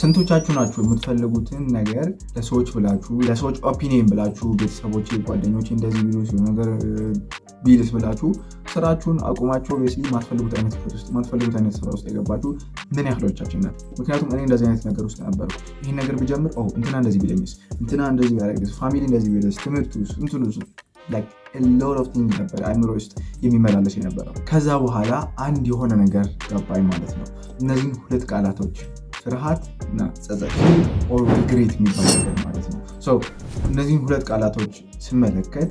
ስንቶቻችሁ ናችሁ የምትፈልጉትን ነገር ለሰዎች ብላችሁ ለሰዎች ኦፒኒየን ብላችሁ ቤተሰቦች፣ ጓደኞች እንደዚህ ቢሉ ሲሆን ነገር ቢልስ ብላችሁ ስራችሁን አቁማችሁ ስ ማትፈልጉት አይነት ክፍት ውስጥ ማትፈልጉት አይነት ስራ ውስጥ የገባችሁ ምን ያህሎቻችን ናት? ምክንያቱም እኔ እንደዚህ አይነት ነገር ውስጥ ነበሩ። ይህን ነገር ብጀምር እንትና እንደዚህ ቢለኝስ፣ እንትና እንደዚህ ቢያደርግስ፣ ፋሚሊ እንደዚህ ቢለስ፣ ትምህርት ውስጥ እንትኑ ሎት ኦፍ ቲንግ ነበር አይምሮ ውስጥ የሚመላለስ የነበረው። ከዛ በኋላ አንድ የሆነ ነገር ገባኝ ማለት ነው። እነዚህን ሁለት ቃላቶች ፍርሃት እና ጸጸት ኦር ሪግሬት የሚባል ነገር ማለት ነው። እነዚህን ሁለት ቃላቶች ስመለከት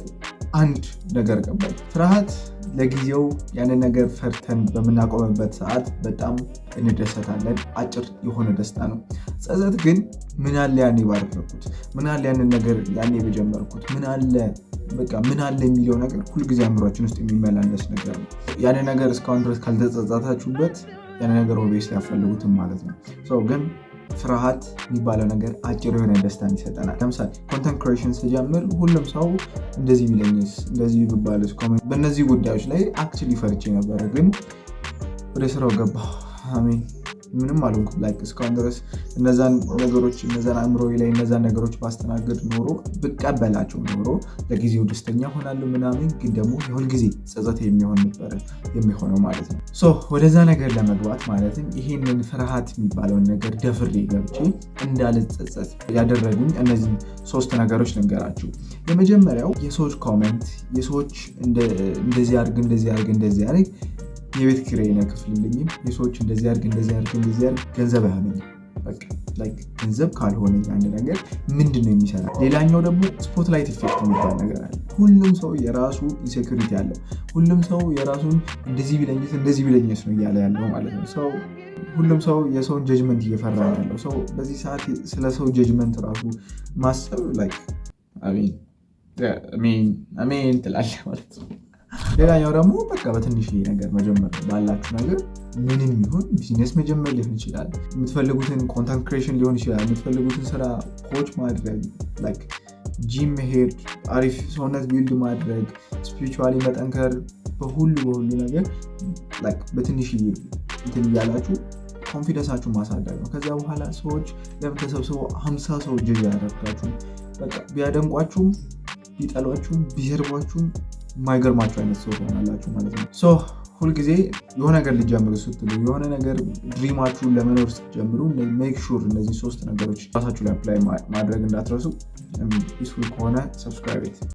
አንድ ነገር ቀባል ፍርሃት ለጊዜው ያንን ነገር ፈርተን በምናቆምበት ሰዓት በጣም እንደሰታለን። አጭር የሆነ ደስታ ነው። ጸጸት ግን ምን አለ ያኔ ባደረኩት፣ ምን አለ ያንን ነገር ያኔ በጀመርኩት፣ ምን አለ በቃ ምን አለ የሚለው ነገር ሁልጊዜ አእምሯችን ውስጥ የሚመላለስ ነገር ነው። ያንን ነገር እስካሁን ድረስ ካልተጸጸታችሁበት ያን ነገር ኦቤስ ማለት ነው ሰው ግን ፍርሃት የሚባለው ነገር አጭር የሆነ ደስታን ይሰጠናል። ለምሳሌ ኮንተንት ክሬሽን ስጀምር ሁሉም ሰው እንደዚህ ቢለኝስ፣ እንደዚህ ብባልስ፣ በእነዚህ ጉዳዮች ላይ አክቹዋሊ ፈርቼ ነበረ፣ ግን ወደ ስራው ገባ አሜን ምንም አልሆንኩም። ላይክ እስካሁን ድረስ እነዛን ነገሮች እነዛን አእምሮ ላይ እነዛን ነገሮች ባስተናገድ ኖሮ ብቀበላቸው ኖሮ ለጊዜው ደስተኛ ሆናሉ ምናምን፣ ግን ደግሞ የሁል ጊዜ ጸጸት የሚሆን ነበረ የሚሆነው ማለት ነው። ሶ ወደዛ ነገር ለመግባት ማለትም ይሄንን ፍርሃት የሚባለውን ነገር ደፍሬ ገብቼ እንዳልጸጸት ያደረጉኝ እነዚህ ሶስት ነገሮች ልንገራችሁ። የመጀመሪያው የሰዎች ኮሜንት፣ የሰዎች እንደዚህ አድርግ እንደዚህ አድርግ እንደዚህ አድርግ የቤት ኪራይን አይከፍልልኝም። የሰዎች እንደዚህ አድርግ እንደዚህ አድርግ እንደዚህ አድርግ ገንዘብ አያመኝም። ገንዘብ ካልሆነ አንድ ነገር ምንድን ነው የሚሰራ? ሌላኛው ደግሞ ስፖትላይት ኢፌክት የሚባል ነገር አለ። ሁሉም ሰው የራሱ ኢንሴኩሪቲ አለው። ሁሉም ሰው የራሱን እንደዚህ ቢለኝስ እንደዚህ ቢለኝስ ነው እያለ ያለው ማለት ነው። ሰው ሁሉም ሰው የሰውን ጀጅመንት እየፈራ ያለው ሰው በዚህ ሰዓት ስለ ሰው ጀጅመንት ራሱ ማሰብ ላይክ አሜን አሜን ትላለህ ማለት ነው። ሌላኛው ደግሞ በቃ በትንሽዬ ነገር መጀመር ባላችሁ ነገር ምንም ይሁን ቢዝነስ መጀመር ሊሆን ይችላል። የምትፈልጉትን ኮንተንት ክሬሽን ሊሆን ይችላል። የምትፈልጉትን ስራ ኮች ማድረግ ላይክ ጂም መሄድ፣ አሪፍ ሰውነት ቢልድ ማድረግ፣ ስፒሪቹዋሊ መጠንከር፣ በሁሉ በሁሉ ነገር በትንሽ እንትን እያላችሁ ኮንፊደንሳችሁ ማሳደግ ነው። ከዚያ በኋላ ሰዎች ለምን ተሰብስበው ሀምሳ ሰው ጅ ያደርጋችሁ ቢያደንቋችሁም ቢጠሏችሁም ቢሰርቧችሁም የማይገርማቸው አይነት ሰው ትሆናላችሁ ማለት ነው። ሶ ሁልጊዜ የሆነ ነገር ልጀምሩ ስትሉ የሆነ ነገር ድሪማችሁን ለመኖር ስትጀምሩ ሜክ ሹር እነዚህ ሶስት ነገሮች ራሳችሁ ላይ አፕላይ ማድረግ እንዳትረሱ። ፒስፉል um, ከሆነ ሰብስክራይብ